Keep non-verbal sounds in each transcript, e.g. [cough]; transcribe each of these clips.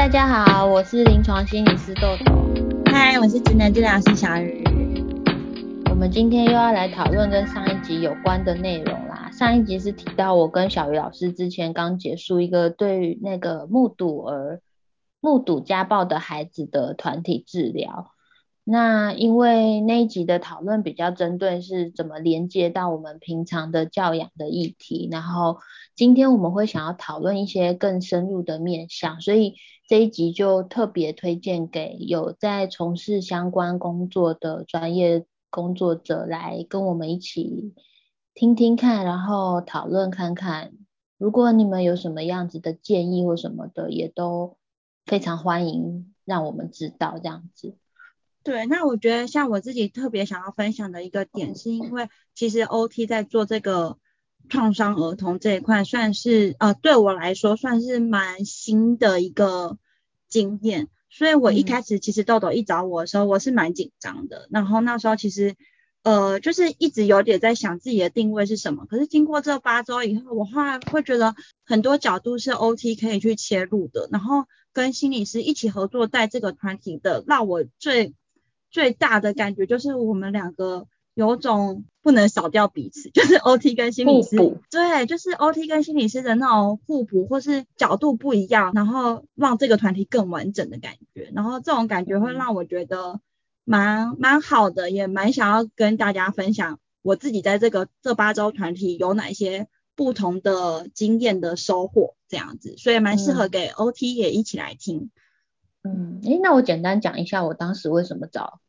大家好，我是臨床心理師豆豆。嗨，我是職能治療師小魚。我們今天又要來討論跟上一集有關的內容啦。上一集是提到我跟小魚老師之前剛結束一個對於那個目睹兒、目睹家暴的孩子的團體治療。那因為那一集的討論比較針對是怎麼連接到我們平常的教養的議題，然後今天我們會想要討論一些更深入的面向，所以這一集就特別推薦給有在從事相關工作的專業工作者來跟我們一起聽聽看，然後討論看看，如果你們有什麼樣子的建議或什麼的，也都非常歡迎讓我們知道這樣子。對，那我覺得像我自己特別想要分享的一個點，是因為其實 OT 在做這個創傷兒童這一塊，算是呃對我來說算是蠻新的一個經驗。所以，我一開始其實豆豆一找我的時候，我是蠻緊張的。嗯。然後那時候其實呃就是一直有點在想自己的定位是什麼。可是經過這八週以後，我後來會覺得很多角度是 OT 可以去切入的。然後跟心理師一起合作帶這個團體的，那我最最大的感覺就是我們兩個有種不能少掉彼此，就是 OT 跟心理師，互補。對，就是 OT 跟心理師的那種互補，或是角度不一樣，然後讓這個團體更完整的感覺，然後這種感覺會讓我覺得蠻蠻、嗯、好的，也蠻想要跟大家分享我自己在這個這八周團體有哪些不同的經驗的收穫，這樣子，所以蠻適合給 OT 也一起來聽。嗯嗯，哎，那我簡單講一下我當時為什麼找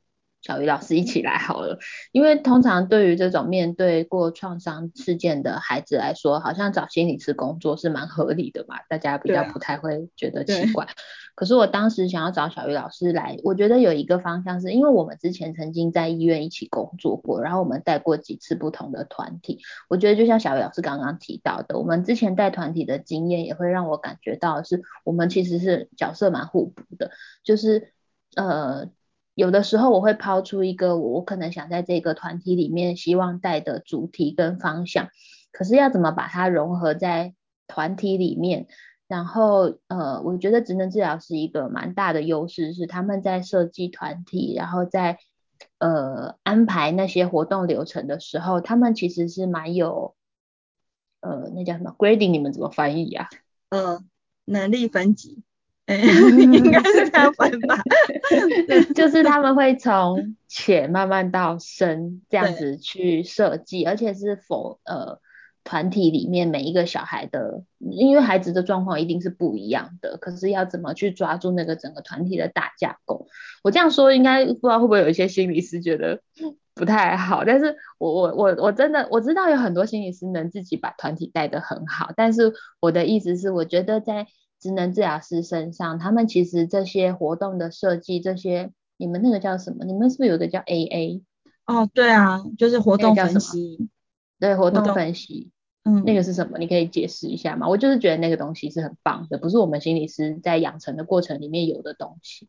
小魚老師一起來好了，因為通常對於這種面對過創傷事件的孩子來說，好像找心理師工作是蠻合理的嘛，大家比較不太會覺得奇怪。啊、可是我當時想要找小魚老師來，我覺得有一個方向是因為我們之前曾經在醫院一起工作過，然後我們帶過幾次不同的團體。我覺得就像小魚老師剛剛提到的，我們之前帶團體的經驗也會讓我感覺到是我們其實是角色蠻互補的，就是呃。有的時候我會拋出一個我我可能想在這個團體裡面希望帶的主題跟方向，可是要怎麼把它融合在團體裡面？然後呃，我覺得職能治療是一個蠻大的優勢，是他們在設計團體，然後在呃安排那些活動流程的時候，他們其實是蠻有呃那叫什麼 grading，你們怎麼翻譯啊？呃，能力分級。 [laughs] 你應該是三分吧， [laughs] 就是他們會從淺慢慢到深這樣子去設計，對而且是否呃團體裡面每一個小孩的，因為孩子的狀況一定是不一樣的，可是要怎麼去抓住那個整個團體的大架構？我這樣說應該不知道會不會有一些心理師覺得不太好，但是我我我我真的我知道有很多心理師能自己把團體帶得很好，但是我的意思是我覺得在職能治療師身上，他們其實這些活動的設計，這些你們那個叫什麼？你們是不是有個叫 AA？哦，對啊，就是活動分析。對，活動分析。嗯，那個是什麼？你可以解釋一下嗎？我就是覺得那個東西是很棒的，不是我們心理師在養成的過程裡面有的東西。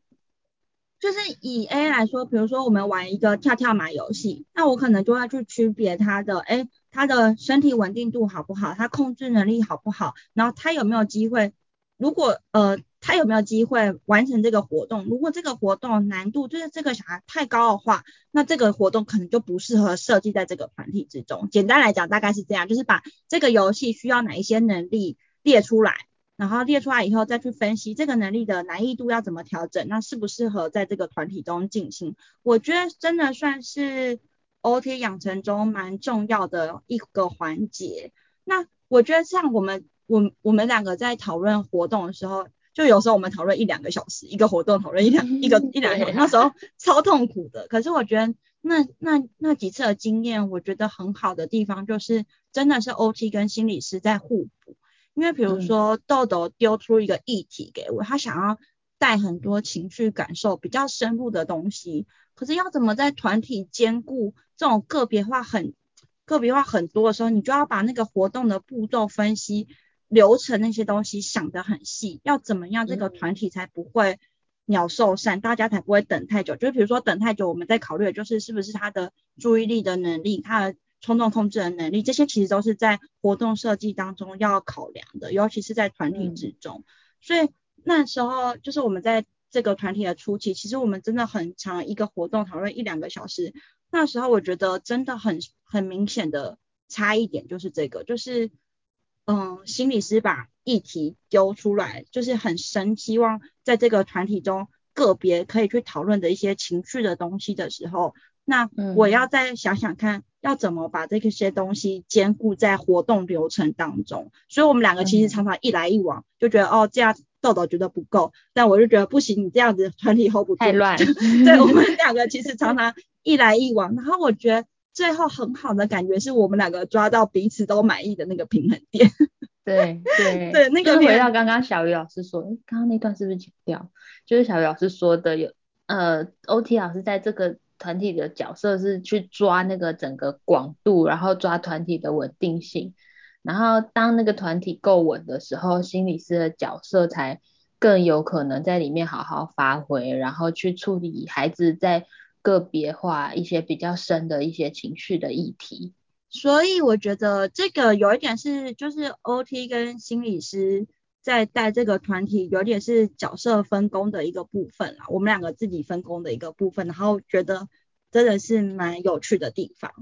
就是以 A 來說，比如說我們玩一個跳跳馬遊戲，那我可能就要去區別他的，哎、欸，他的身體穩定度好不好？他控制能力好不好？然後他有沒有機會？如果呃，他有沒有機會完成這個活動？如果這個活動難度就是這個小孩太高的話，那這個活動可能就不適合設計在這個團體之中。簡單來講，大概是這樣，就是把這個遊戲需要哪一些能力列出來，然後列出來以後再去分析這個能力的難易度要怎麼調整，那適不適合在這個團體中進行。我覺得真的算是 O T 養成中蠻重要的一個環節。那我覺得像我們。我我們兩個在討論活動的時候，就有時候我們討論一兩個小時，一個活動討論一兩、嗯、一個、啊、一兩個小時，那時候超痛苦的。可是我覺得那那那幾次的經驗，我覺得很好的地方就是真的是 OT 跟心理師在互補，因為比如說、嗯、豆豆丟出一個議題給我，他想要帶很多情緒感受比較深入的東西，可是要怎麼在團體兼顧這種個別化很個別化很多的時候，你就要把那個活動的步驟分析，流程那些東西想得很細，要怎麼樣這個團體才不會鳥獸散，嗯、大家才不會等太久。就是比如說等太久，我們在考慮的就是是不是他的注意力的能力，他的衝動控制的能力，這些其實都是在活動設計當中要考量的，尤其是在團體之中。嗯、所以那時候就是我們在這個團體的初期，其實我們真的很長一個活動討論一兩個小時。那時候我覺得真的很很明顯的差異點就是這個，就是。嗯、呃，心理師把議題丟出來，就是很深希望在這個團體中個別可以去討論的一些情緒的東西的時候，那我要再想想看，要怎麼把這些東西兼顧在活動流程當中。所以我們兩個其實常常一來一往，嗯、就覺得哦，這樣豆豆覺得不夠，但我就覺得不行，你這樣子團體 hold 不住，太亂。 [laughs] 對，我們兩個其實常常一來一往， [laughs] 然後我覺得。最後很好的感覺是我們兩個抓到彼此都滿意的那個平衡點。對對 [laughs] 對，那個是回到剛剛小魚老師說，剛剛那段是不是講掉？就是小魚老師說的有，呃，OT 老師在這個團體的角色是去抓那個整個廣度，然後抓團體的穩定性。然後當那個團體夠穩的時候，心理師的角色才更有可能在裡面好好發揮，然後去處理孩子在。個別化一些比較深的一些情緒的議題，所以我覺得這個有一點是就是 OT 跟心理師在帶這個團體，有點是角色分工的一個部分啦，我們兩個自己分工的一個部分，然後覺得真的是蠻有趣的地方。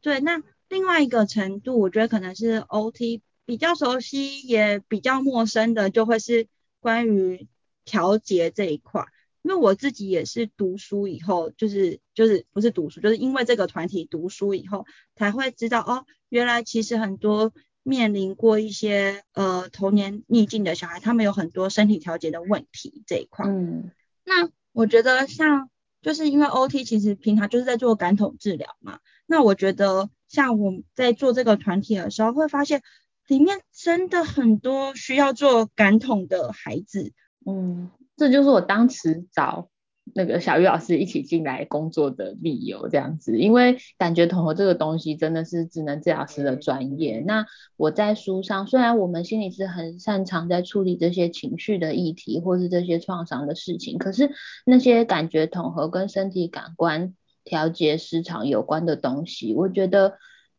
對，那另外一個程度，我覺得可能是 OT 比較熟悉也比較陌生的，就會是關於調節這一塊。因為我自己也是讀書以後，就是就是不是讀書，就是因為這個團體讀書以後才會知道哦，原來其實很多面臨過一些呃童年逆境的小孩，他們有很多身體調節的問題這一塊。嗯，那我覺得像就是因為 OT 其實平常就是在做感統治療嘛，那我覺得像我們在做這個團體的時候，會發現裡面真的很多需要做感統的孩子。嗯。這就是我當時找那個小魚老師一起進來工作的理由，這樣子，因為感覺統合這個東西真的是職能治療師的專業。那我在書上，雖然我們心里是很擅長在處理這些情緒的議題或是這些創傷的事情，可是那些感覺統合跟身體感官調節失常有關的東西，我覺得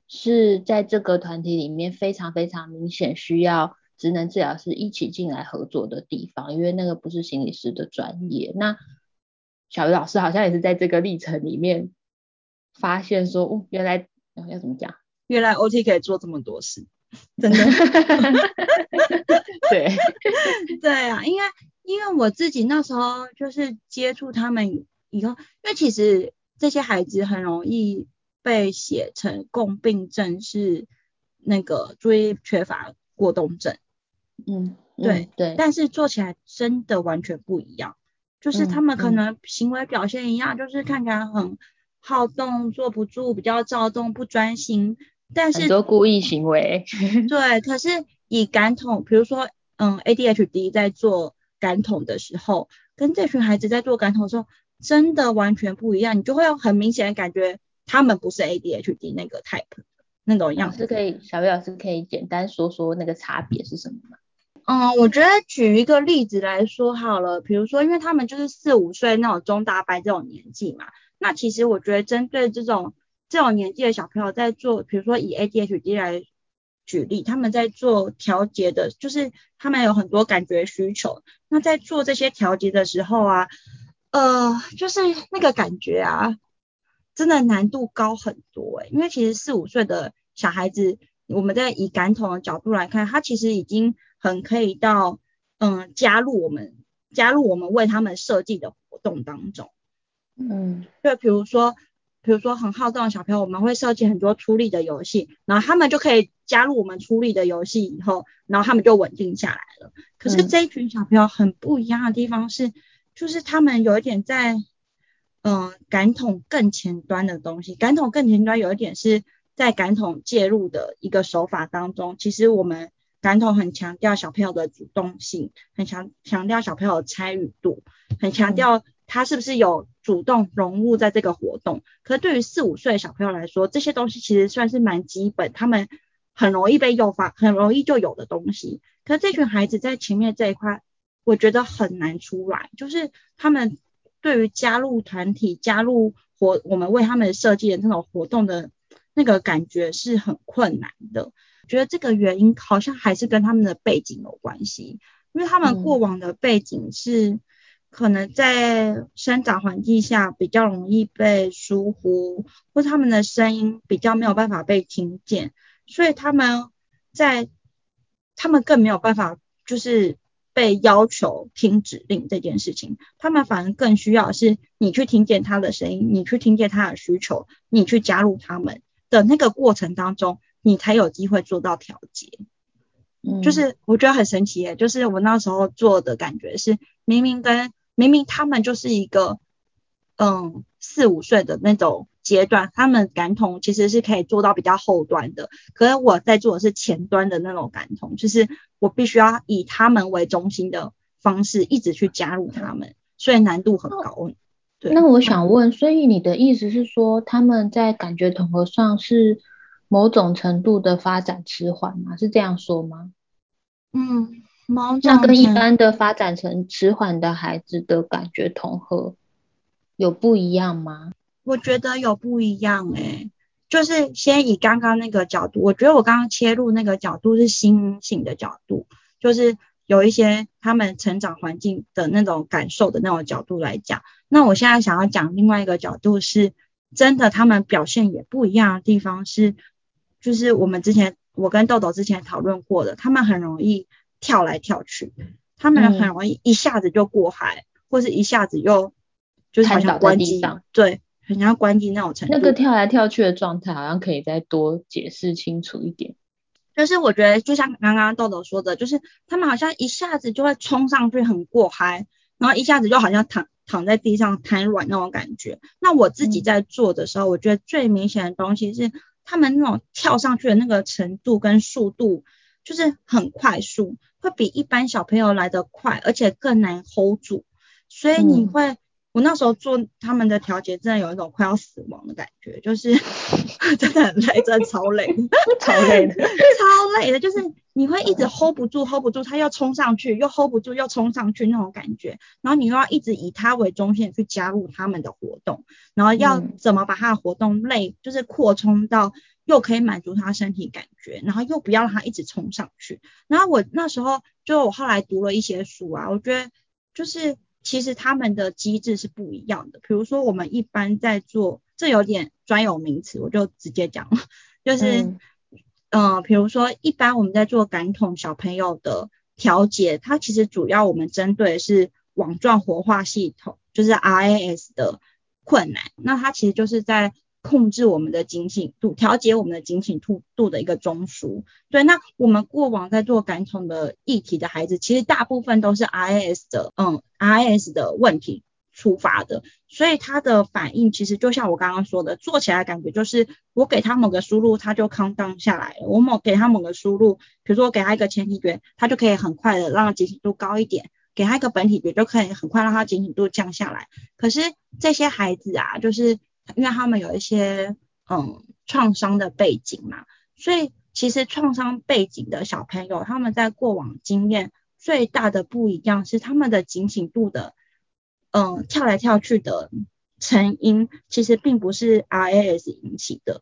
是在這個團體裡面非常非常明顯需要職能治療師一起進來合作的地方，因為那個不是心理師的專業。那小魚老師好像也是在這個歷程裡面發現說，哦，原來要怎麼講？原來 OT 可以做這麼多事，真的。對對啊，因為因為我自己那時候就是接觸他們以後，因為其實這些孩子很容易被寫成共病症是那個注意缺乏過動症。嗯,對嗯，對對，但是做起來真的完全不一樣，嗯、就是他們可能行為表現一樣，嗯、就是看起來很好動、坐、嗯、不住、比較躁動、不專心，但是很多故意行為。 [laughs] 對，可是以感統，比如說，嗯，ADHD 在做感統的時候，跟這群孩子在做感統的時候，真的完全不一樣，你就會有很明顯的感覺他們不是 ADHD 那個 type 那種樣子。嗯、可以，小魚老師可以簡單說說那個差別是什麼嗎？嗯，我覺得舉一個例子來說好了，比如說，因為他們就是四五歲那種中大班這種年紀嘛，那其實我覺得針對這種這種年紀的小朋友在做，比如說以 ADHD 來舉例，他們在做調節的，就是他們有很多感覺需求，那在做這些調節的時候啊，呃，就是那個感覺啊，真的難度高很多欸，因為其實四五歲的小孩子。我們在以感統的角度來看，他其實已經很可以到，嗯、呃，加入我們加入我們為他們設計的活動當中，嗯，就比如說，比如說很好動的小朋友，我們會設計很多出力的遊戲，然後他們就可以加入我們出力的遊戲以後，然後他們就穩定下來了。可是這一群小朋友很不一樣的地方是，就是他們有一點在，嗯、呃，感統更前端的東西，感統更前端有一點是。在感統介入的一個手法當中，其實我們感統很強調小朋友的主動性，很強強調小朋友的參與度，很強調他是不是有主動融入在這個活動。嗯、可是對於四五歲的小朋友來說，這些東西其實算是蠻基本，他們很容易被誘發，很容易就有的東西。可是這群孩子在前面這一塊，我覺得很難出來，就是他們對於加入團體、加入活，我們為他們設計的這種活動的，那個感覺是很困難的，覺得這個原因好像還是跟他們的背景有關係，因為他們過往的背景是可能在生長環境下比較容易被疏忽，或他們的聲音比較沒有辦法被聽見，所以他們在，他們更沒有辦法就是被要求聽指令這件事情，他們反而更需要是你去聽見他的聲音，你去聽見他的需求，你去加入他們。的那個過程當中，你才有機會做到調節。嗯，就是我覺得很神奇欸，就是我那時候做的感覺是，明明跟明明他們就是一個，嗯，四五歲的那種階段，他們感統其實是可以做到比較後端的，可是我在做的是前端的那種感統，就是我必須要以他們為中心的方式一直去加入他們，所以難度很高。哦。那我想問，所以你的意思是說，他們在感覺統合上是某種程度的發展遲緩嗎？是這樣說嗎？嗯，某種程度。那跟一般的發展成遲緩的孩子的感覺統合有不一樣嗎？我覺得有不一樣誒、欸。就是先以剛剛那個角度，我覺得我剛剛切入那個角度是心型的角度，就是。有一些他們成長環境的那種感受的那種角度來講，那我現在想要講另外一個角度是，真的他們表現也不一樣的地方是，就是我們之前我跟豆豆之前討論過的，他們很容易跳來跳去，他們很容易一下子就過海，嗯、或是一下子又，就是好像關機，上對，很像關機那種程度。那個跳來跳去的狀態好像可以再多解釋清楚一點。就是我覺得，就像剛剛豆豆說的，就是他們好像一下子就會衝上去，很過嗨，然後一下子就好像躺躺在地上癱軟那種感覺。那我自己在做的時候，嗯、我覺得最明顯的東西是，他們那種跳上去的那個程度跟速度，就是很快速，會比一般小朋友來得快，而且更難 hold 住，所以你會。我那時候做他們的調節，真的有一種快要死亡的感覺，就是 [laughs] 真的很累，真的超累，超累的， [laughs] 超累的，就是你會一直 hold 不住，hold 不住，他要衝上去，又 hold 不住，又衝上去那種感覺，然後你又要一直以他為中心去加入他們的活動，然後要怎麼把他的活動累，就是擴充到又可以滿足他身體感覺，然後又不要讓他一直衝上去，然後我那時候就我後來讀了一些書啊，我覺得就是。其實他們的機制是不一樣的，比如說我們一般在做，這有點專有名詞，我就直接講了，就是，嗯、呃，比如說一般我們在做感統小朋友的調節，它其實主要我們針對是網狀活化系統，就是 RAS 的困難，那它其實就是在。控制我們的警醒度，調節我們的警醒度度的一個中樞。對，那我們過往在做感統的議題的孩子，其實大部分都是 RAS 的，嗯，RAS 的問題觸發的，所以他的反應其實就像我剛剛說的，做起來的感覺就是，我給他某個輸入，他就 calm down 下來了；我某給他某個輸入，比如說我給他一個前庭覺，他就可以很快的讓他警醒度高一點；給他一個本體覺，就可以很快讓他警醒度降下來。可是這些孩子啊，就是。因為他們有一些嗯創傷的背景嘛，所以其實創傷背景的小朋友，他們在過往經驗最大的不一樣是他們的警醒度的嗯跳來跳去的成因，其實並不是 RAS 引起的，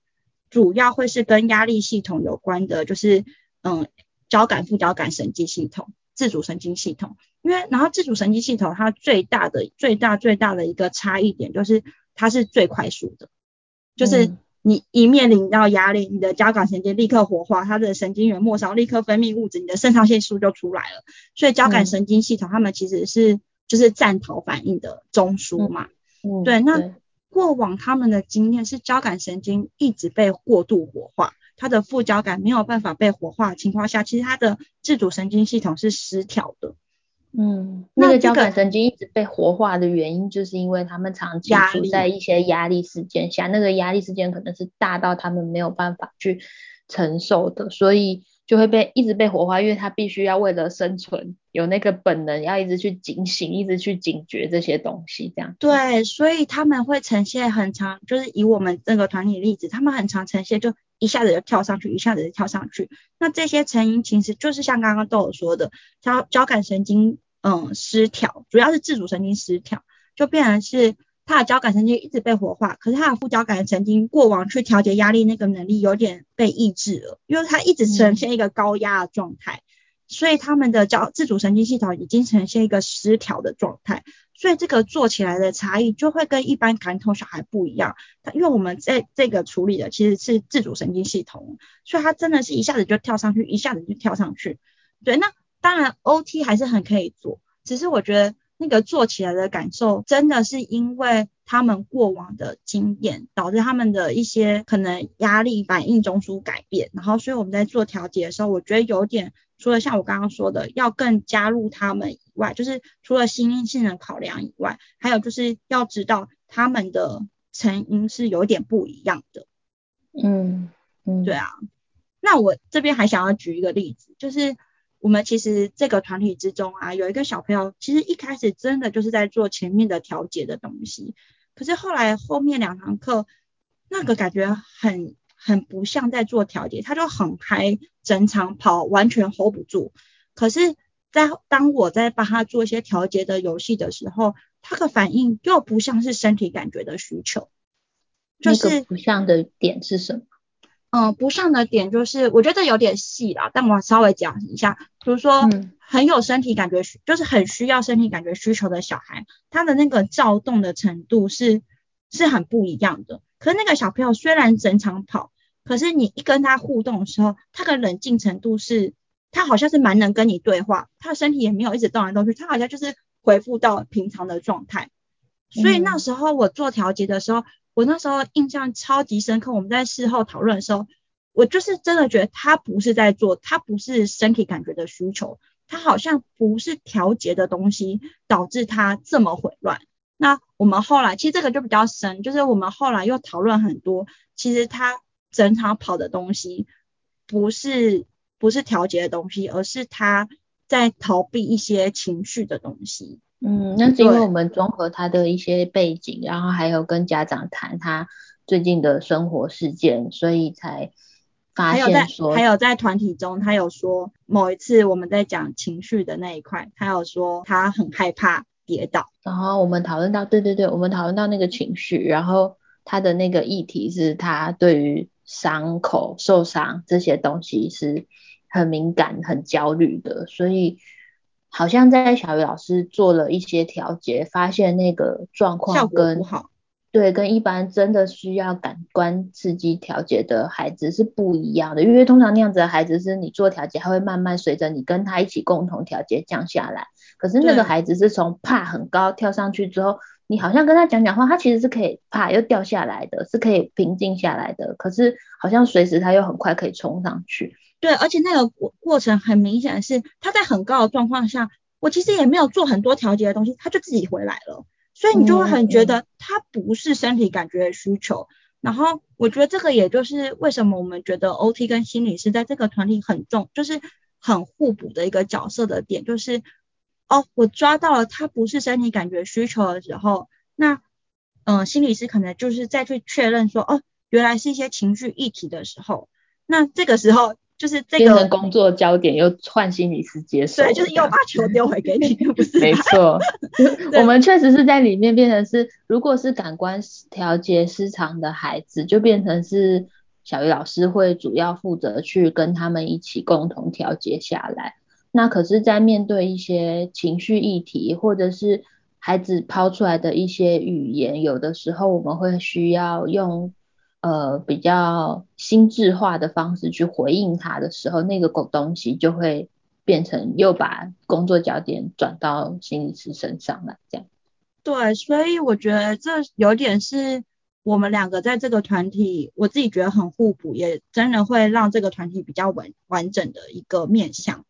主要會是跟壓力系統有關的，就是嗯交感副交感神經系統自主神經系統，因為然後自主神經系統它最大的最大最大的一個差異點就是。它是最快速的，就是你一面臨到壓力，你的交感神經立刻活化，它的神經元末梢立刻分泌物質，你的腎上腺素就出來了。所以交感神經系統，嗯，它們其實是就是戰逃反應的中樞嘛。嗯，嗯，對，那過往他們的經驗是交感神經一直被過度活化，它的副交感沒有辦法被活化的情況下，其實它的自主神經系統是失調的。嗯，那,這個、那個交感神經一直被活化的原因，就是因為他們長期處在一些壓力事件下，壓力，那個壓力事件可能是大到他們沒有辦法去承受的，所以就會被一直被活化，因為他必須要為了生存，有那個本能要一直去警醒、一直去警覺這些東西，這樣子。對，所以他們會呈現很長，就是以我們這個團體例子，他們很常呈現就。一下子就跳上去，一下子就跳上去。那這些成因其實就是像剛剛豆豆說的，交交感神經嗯失調，主要是自主神經失調，就變成是他的交感神經一直被活化，可是他的副交感神經過往去調節壓力那個能力有點被抑制了，因為他一直呈現一個高壓的狀態，嗯、所以他們的交自主神經系統已經呈現一個失調的狀態。所以這個做起來的差異就會跟一般感統小孩不一樣，因為我們在這個處理的其實是自主神經系統，所以它真的是一下子就跳上去，一下子就跳上去。對，那當然 OT 還是很可以做，只是我覺得那個做起來的感受，真的是因為。他們過往的經驗導致他們的一些可能壓力反應中樞改變，然後所以我們在做調節的時候，我覺得有點除了像我剛剛說的要更加入他們以外，就是除了心理性的考量以外，還有就是要知道他們的成因是有點不一樣的。嗯，嗯，對啊。那我這邊還想要舉一個例子，就是。我們其實這個團體之中啊，有一個小朋友，其實一開始真的就是在做前面的調節的東西，可是後來後面兩堂課，那個感覺很很不像在做調節，他就很嗨，整場跑完全 hold 不住。可是在，在當我在幫他做一些調節的遊戲的時候，他的反應又不像是身體感覺的需求，就是那個不像的點是什麼？嗯，不上的點就是，我覺得有點細了，但我稍微講一下。比如說很有身體感覺，嗯、就是很需要身體感覺需求的小孩，他的那個躁動的程度是是很不一樣的。可是那個小朋友雖然整場跑，可是你一跟他互動的時候，他的冷靜程度是，他好像是蠻能跟你對話，他的身體也沒有一直動來動去，他好像就是回復到平常的狀態。嗯、所以那時候我做調節的時候。我那時候印象超級深刻，我們在事後討論的時候，我就是真的覺得他不是在做，他不是身體感覺的需求，他好像不是調節的東西導致他這麼混亂。那我們後來其實這個就比較深，就是我們後來又討論很多，其實他整場跑的東西不是不是調節的東西，而是他在逃避一些情緒的東西。嗯，那是因為我們綜合他的一些背景，對然後還有跟家長談他最近的生活事件，所以才發現說還。還有在還有在團體中，他有說某一次我們在講情緒的那一塊，他有說他很害怕跌倒，然後我們討論到，對對對，我們討論到那個情緒，然後他的那個議題是他對於傷口、受傷這些東西是很敏感、很焦慮的，所以。好像在小魚老師做了一些調節，發現那個狀況跟效果不好。對，跟一般真的需要感官刺激調節的孩子是不一樣的，因為通常那樣子的孩子是你做調節，他會慢慢隨着你跟他一起共同調節降下來。可是那個孩子是從怕很高跳上去之後，對你好像跟他講講話，他其實是可以怕又掉下來的，是可以平靜下來的。可是好像隨時他又很快可以衝上去。對，而且那個過過程很明顯的是，他在很高的狀況下，我其實也沒有做很多調節的東西，他就自己回來了。所以你就會很覺得他不是身體感覺需求。嗯、然後我覺得這個也就是為什麼我們覺得 OT 跟心理師在這個團體很重，就是很互補的一個角色的點，就是哦，我抓到了他不是身體感覺需求的時候，那嗯、呃，心理師可能就是再去確認說，哦，原來是一些情緒議題的時候，那這個時候。就是這個變成工作焦點，又換心理師接手。對，就是又把球丟回給你，不是，啊 [laughs] 沒錯？沒錯，我們確實是在裡面變成是，如果是感官調節失常的孩子，就變成是小魚老師會主要負責去跟他們一起共同調節下來。那可是，在面對一些情緒議題，或者是孩子拋出來的一些語言，有的時候我們會需要用，呃，比較心智化的方式去回應他的時候，那個狗東西就會變成又把工作焦點轉到心理師身上了，這樣。對，所以我覺得這有點是我們兩個在這個團體，我自己覺得很互補，也真的會讓這個團體比較完完整的一個面向。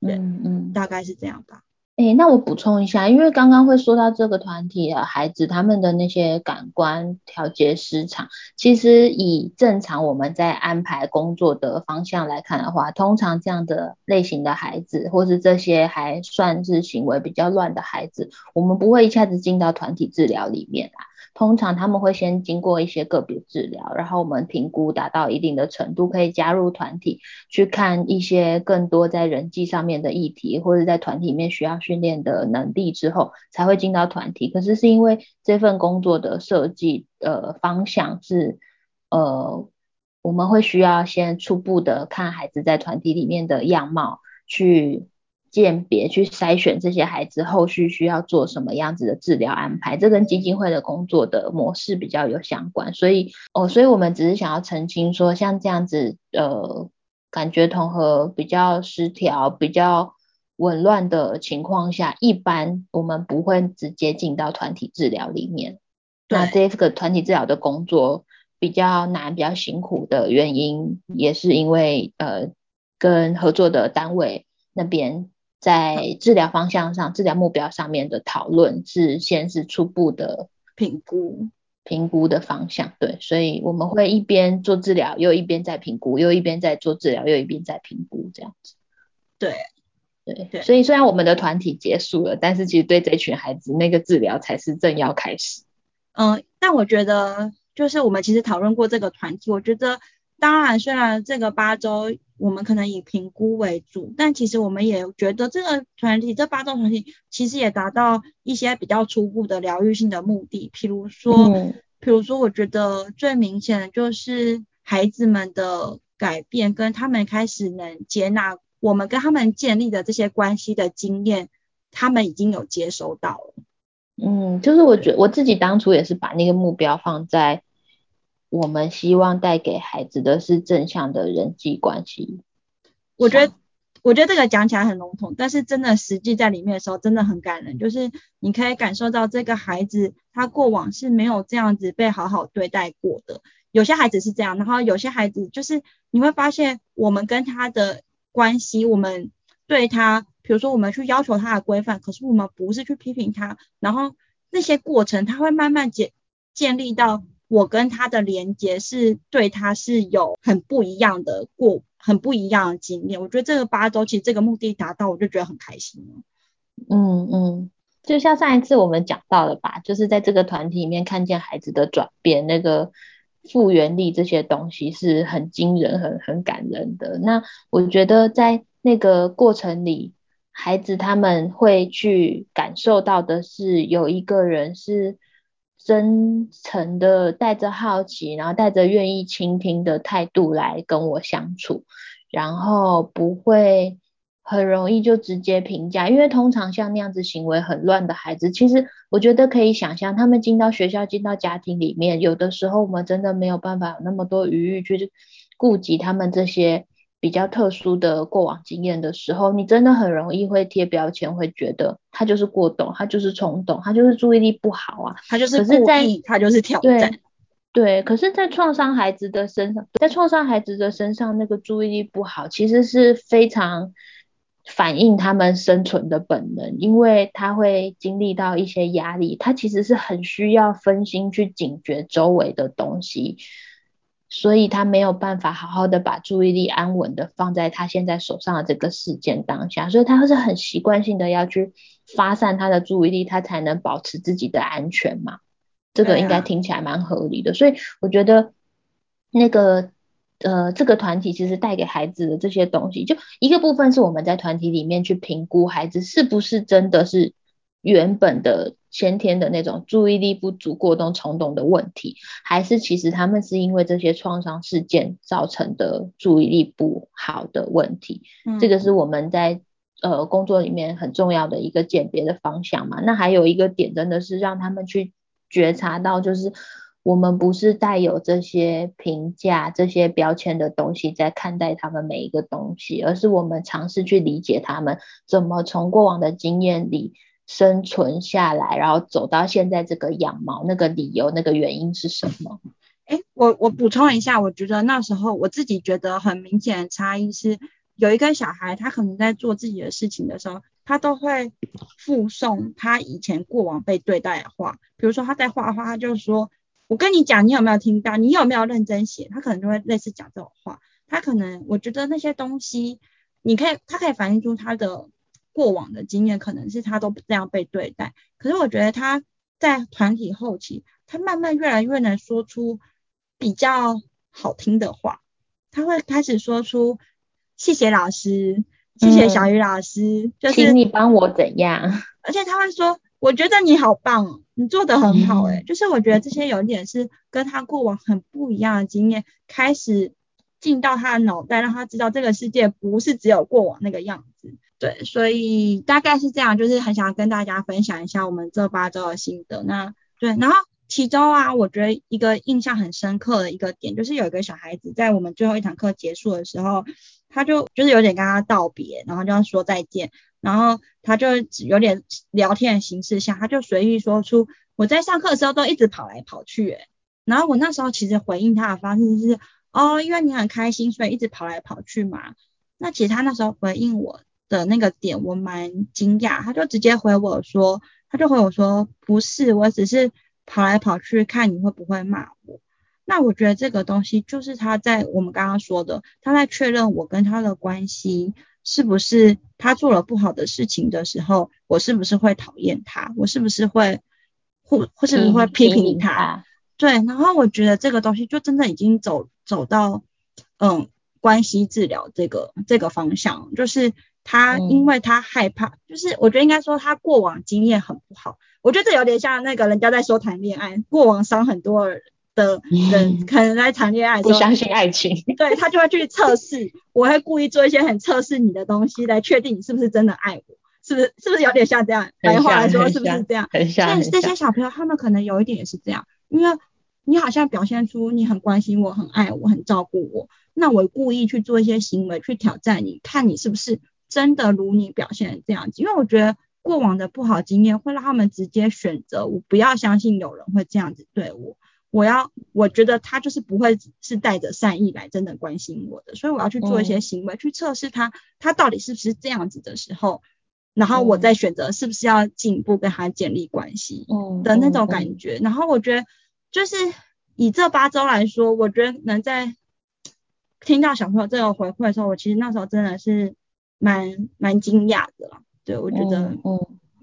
對，嗯嗯，大概是這樣吧。哎，那我補充一下，因為剛剛會說到這個團體的、啊、孩子，他們的那些感官調節失常，其實以正常我們在安排工作的方向來看的話，通常這樣的類型的孩子，或是這些還算是行為比較亂的孩子，我們不會一下子進到團體治療裡面啦、啊。通常他們會先經過一些個別治療，然後我們評估達到一定的程度，可以加入團體去看一些更多在人際上面的議題，或者在團體裡面需要訓練的能力之後，才會進到團體。可是是因為這份工作的設計，呃，方向是，呃，我們會需要先初步的看孩子在團體裡面的樣貌去。鑑別去篩選這些孩子後續需要做什麼樣子的治療安排，這跟基金會的工作的模式比較有相關。所以哦，所以我們只是想要澄清說，像這樣子呃，感覺統合比較失調、比較紊亂的情況下，一般我們不會直接進到團體治療裡面。對那這個團體治療的工作比較難、比較辛苦的原因，也是因為呃，跟合作的單位那邊。在治療方向上，嗯、治療目標上面的討論是先是初步的評估，評估的方向，對，所以我們會一邊做治療，又一邊在評估，又一邊在做治療，又一邊在評估這樣子。對，對對，對，所以雖然我們的團體結束了，但是其實對這群孩子那個治療才是正要開始。嗯，但我覺得就是我們其實討論過這個團體，我覺得。當然，雖然這個八周我們可能以評估為主，但其實我們也覺得這個團體這八周團體其實也達到一些比較初步的療癒性的目的。譬如說，嗯、譬如說，我覺得最明顯的就是孩子們的改變，跟他們開始能接納我們跟他們建立的這些關係的經驗，他們已經有接收到了。嗯，就是我覺得對我自己當初也是把那個目標放在。我們希望帶給孩子的是正向的人際關係。我覺得，我覺得這個講起來很籠統，但是真的實際在裡面的時候真的很感人。就是你可以感受到這個孩子他過往是沒有這樣子被好好對待過的。有些孩子是這樣，然後有些孩子就是你會發現，我們跟他的關係，我們對他，比如說我們去要求他的規範，可是我們不是去批評他，然後那些過程他會慢慢建建立到。我跟他的連接是對他是有很不一樣的過，很不一樣的經驗。我覺得這個八周，其實這個目的達到，我就覺得很開心。嗯嗯，就像上一次我們講到的吧，就是在這個團體裡面看見孩子的轉變，那個復原力這些東西是很驚人、很很感人的。那我覺得在那個過程裡，孩子他們會去感受到的是有一個人是。真誠的帶着好奇，然後帶着願意傾聽的態度來跟我相處，然後不會很容易就直接評價，因為通常像那樣子行為很亂的孩子，其實我覺得可以想象，他們進到學校、進到家庭裡面，有的時候我們真的沒有辦法有那麼多餘裕去顧及他們這些，比較特殊的過往經驗的時候，你真的很容易會貼標籤，會覺得他就是過動，他就是衝動，他就是注意力不好啊，他就是故意，在他就是挑戰。對，對，可是在創傷孩子的身上，在創傷孩子的身上，那個注意力不好其實是非常反映他們生存的本能，因為他會經歷到一些壓力，他其實是很需要分心去警覺周圍的東西。所以他沒有辦法好好的把注意力安穩的放在他現在手上的這個事件當下，所以他是很習慣性的要去發散他的注意力，他才能保持自己的安全嘛。這個應該聽起來蠻合理的。哎呀。所以我覺得那個呃，這個團體其實帶給孩子的這些東西，就一個部分是我們在團體裡面去評估孩子是不是真的是。原本的先天的那種注意力不足、過動、衝動的問題，還是其實他們是因為這些創傷事件造成的注意力不好的問題？嗯，這個是我們在呃工作裡面很重要的一個鑑別的方向嘛。那還有一個點，真的是讓他們去覺察到，就是我們不是帶有這些評價、這些標籤的東西在看待他們每一個東西，而是我們嘗試去理解他們怎麼從過往的經驗裡。生存下來，然後走到現在這個樣貌，那個理由那個原因是什麼？哎、欸，我我補充一下，我覺得那時候我自己覺得很明顯的差異是，有一個小孩他可能在做自己的事情的時候，他都會複誦他以前過往被對待的話，比如說他在畫畫，他就說我跟你講，你有沒有聽到？你有沒有認真寫？他可能就會類似講這種話。他可能我覺得那些東西，你可以他可以反映出他的。過往的經驗可能是他都不這樣被對待，可是我覺得他在團體後期，他慢慢越來越能說出比較好聽的話，他會開始說出謝謝老師，謝謝小魚老師，嗯、就是請你幫我怎樣，而且他會說我覺得你好棒，你做得很好誒、欸， [laughs] 就是我覺得這些有點是跟他過往很不一樣的經驗，開始進到他的腦袋，讓他知道這個世界不是只有過往那個樣子。對，所以大概是這樣，就是很想跟大家分享一下我們這八周的心得。那對，然後其中啊，我覺得一個印象很深刻的一個點，就是有一個小孩子在我們最後一堂課結束的時候，他就就是有點跟他道別，然後就要說再見，然後他就有點聊天的形式下，他就隨意說出我在上課的時候都一直跑來跑去，哎，然後我那時候其實回應他的方式是哦，因為你很開心，所以一直跑來跑去嘛。那其實他那時候回應我。的那個點，我蠻驚訝，他就直接回我說，他就回我說，不是，我只是跑來跑去看你會不會罵我。那我覺得這個東西就是他在我們剛剛說的，他在確認我跟他的關係是不是他做了不好的事情的時候，我是不是會討厭他，我是不是會或或者是是不是會批評他。嗯嗯、對，然後我覺得這個東西就真的已經走走到嗯關係治療這個這個方向，就是。他因為他害怕，嗯、就是我覺得應該說他過往經驗很不好。我覺得這有點像那個人家在說談戀愛，過往傷很多的人可能在談戀愛，不相信愛情。對，他就會去測試， [laughs] 我會故意做一些很測試你的東西，來確定你是不是真的愛我，是不是是不是有點像這樣？對像，白話來說是不是這樣？但是這些小朋友他們可能有一點也是這樣，因為你好像表現出你很關心我，很愛我，很照顧我，那我故意去做一些行為去挑戰你，看你是不是。真的如你表現的這樣子，因為我覺得過往的不好經驗會讓他們直接選擇我不要相信有人會這樣子對我，我要我覺得他就是不會是帶着善意來真的關心我的，所以我要去做一些行為去測試他，oh. 他到底是不是這樣子的時候，然後我再選擇是不是要進一步跟他建立關係的那種感覺。Oh. Oh. Oh. 然後我覺得就是以這八周來說，我覺得能在聽到小朋友這個回饋的時候，我其實那時候真的是。蠻蠻驚訝的啦，對，我覺得嗯，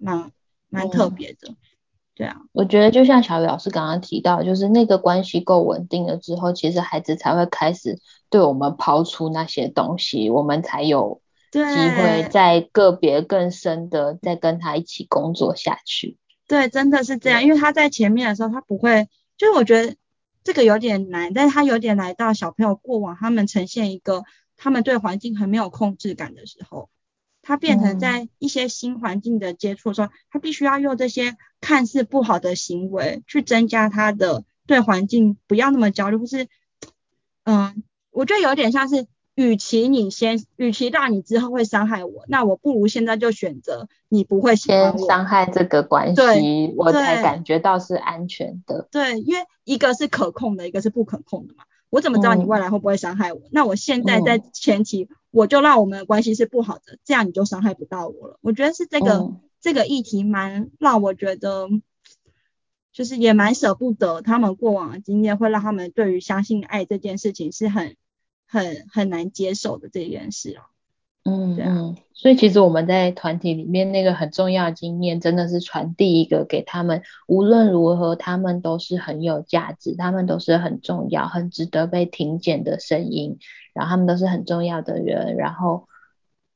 嗯，蠻蠻特別的，嗯、對啊，我覺得就像小魚老師剛剛提到，就是那個關係夠穩定了之後，其實孩子才會開始對我們拋出那些東西，我們才有機會在個別更深的再跟他一起工作下去。對，真的是這樣，因為他在前面的時候，他不會，就是我覺得這個有點難，但是他有點來到小朋友過往，他們呈現一個。他們對環境很沒有控制感的時候，他變成在一些新環境的接觸的時候，嗯、他必須要用這些看似不好的行為去增加他的對環境不要那麼焦慮，不是，嗯，我覺得有點像是，與其你先，與其讓你之後會傷害我，那我不如現在就選擇你不會先傷害這個關係，對我才感覺到是安全的對。對，因為一個是可控的，一個是不可控的嘛。我怎麼知道你未來會不會傷害我？Oh. 那我現在在前提，oh. 我就讓我們的關係是不好的，這樣你就傷害不到我了。我覺得是這個、oh. 這個議題蠻讓我覺得，就是也蠻捨不得他們過往的經驗，會讓他們對於相信愛這件事情是很很很難接受的這件事、啊嗯,這樣。嗯，所以其實我們在團體裡面那個很重要的經驗，真的是傳遞一個給他們，無論如何他們都是很有價值，他們都是很重要、很值得被聽見的聲音，然後他們都是很重要的人，然後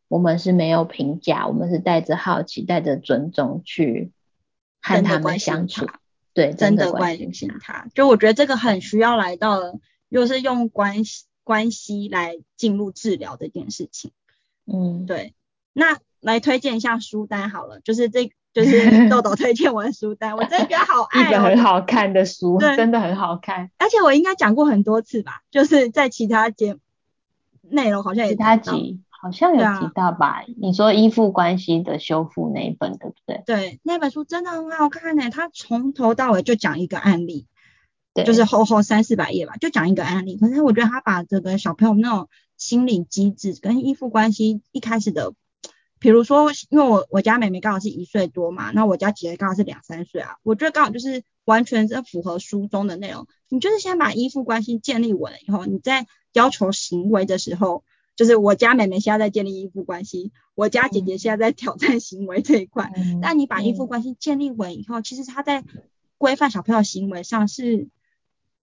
我們是沒有評價，我們是帶着好奇、帶着尊重去和他們相處，對，真的關心他，心他就我覺得這個很需要來到了，又是用關係關係來進入治療這件事情。嗯，對，那來推薦一下書單好了，就是這，就是豆豆推薦我的書單， [laughs] 我真的覺得好愛哦、喔，一本很好看的書，對真的很好看。而且我應該講過很多次吧，就是在其他節內容好像也，其他集好像有提到吧？啊、你說依附關係的修復那一本對不對？對，那本書真的很好看呢、欸，它從頭到尾就講一個案例。就是厚厚三四百頁吧，就講一個案例。可是我覺得他把這個小朋友那種心理機制跟依附關係一開始的，比如說，因為我我家妹妹剛好是一歲多嘛，那我家姐姐剛好是兩三歲啊，我覺得剛好就是完全這符合書中的內容。你就是先把依附關係建立穩了以後，你在要求行為的時候，就是我家妹妹現在在建立依附關係，我家姐姐現在在挑戰行為這一塊。但、嗯、你把依附關係建立穩以後，嗯、其實他在規範小朋友的行為上是。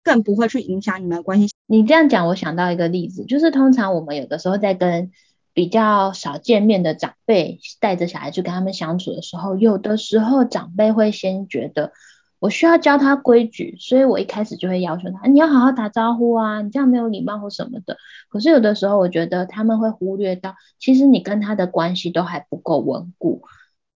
更不會去影響你們的關係。你這樣講，我想到一個例子，就是通常我們有的時候在跟比較少見面的長輩帶着小孩去跟他們相處的時候，有的時候長輩會先覺得我需要教他規矩，所以我一開始就會要求他，你要好好打招呼啊，你這樣沒有禮貌或什麼的。可是有的時候，我覺得他們會忽略到，其實你跟他的關係都還不夠穩固。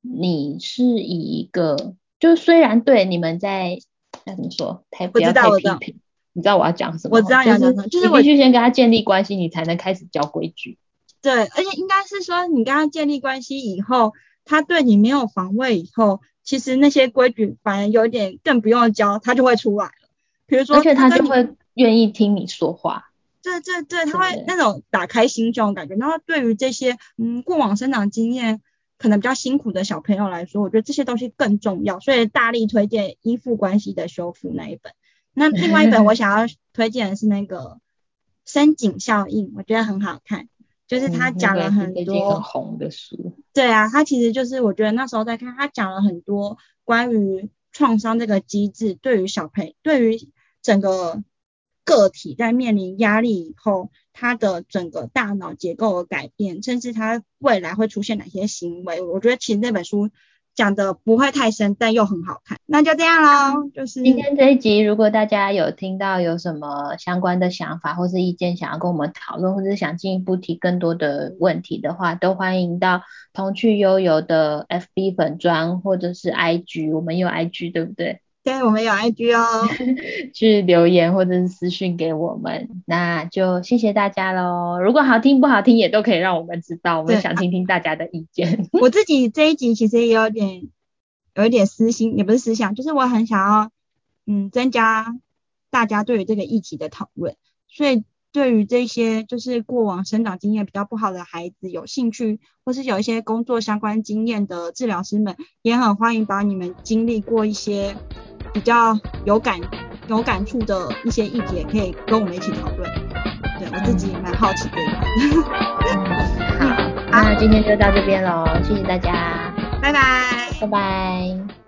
你是一個，就雖然對你們在。那怎麼說？不要太批評。知你知道我要講什麼？我知道，你要講什麼。就是我去先跟他建立關係，你才能開始教規矩。對，而且應該是說，你跟他建立關係以後，他對你沒有防衛以後，其實那些規矩反而有點更不用教，他就會出來了。比如說，而且他就會願意聽你說話。對對對，他會那種打開心胸感覺。然後對於這些，嗯，過往生長經驗。可能比較辛苦的小朋友來說，我覺得這些東西更重要，所以大力推薦依附關係的修復那一本。那另外一本我想要推薦的是那個《深井效應》， [laughs] 我覺得很好看，就是他講了很多很、嗯那個、紅的書。對啊，他其實就是我覺得那時候在看，他講了很多關於創傷這個機制對於小朋對於整個。個體在面臨壓力以後，他的整個大腦結構的改變，甚至他未來會出現哪些行為，我覺得其實這本書講的不會太深，但又很好看。那就這樣咯，就是今天這一集，如果大家有聽到有什麼相關的想法或是意見，想要跟我們討論，或者是想進一步提更多的問題的話，都歡迎到童趣悠游的 FB 粉專或者是 IG，我們有 IG 對不對？對，我們有 IG 哦， [laughs] 去留言或者是私訊給我們，那就謝謝大家嘍。如果好聽不好聽也都可以讓我們知道，對我們想聽聽大家的意見。啊，我自己這一集其實也有點有一點私心，也不是私想，就是我很想要嗯增加大家對於這個議題的討論，所以。對於這些就是過往生長經驗比較不好的孩子有興趣，或是有一些工作相關經驗的治療師們，也很歡迎把你們經歷過一些比較有感有感觸的一些意見可以跟我們一起討論。對我自己蠻好奇的，嗯。好，啊今天就到這邊嘍，謝謝大家，拜拜，拜拜。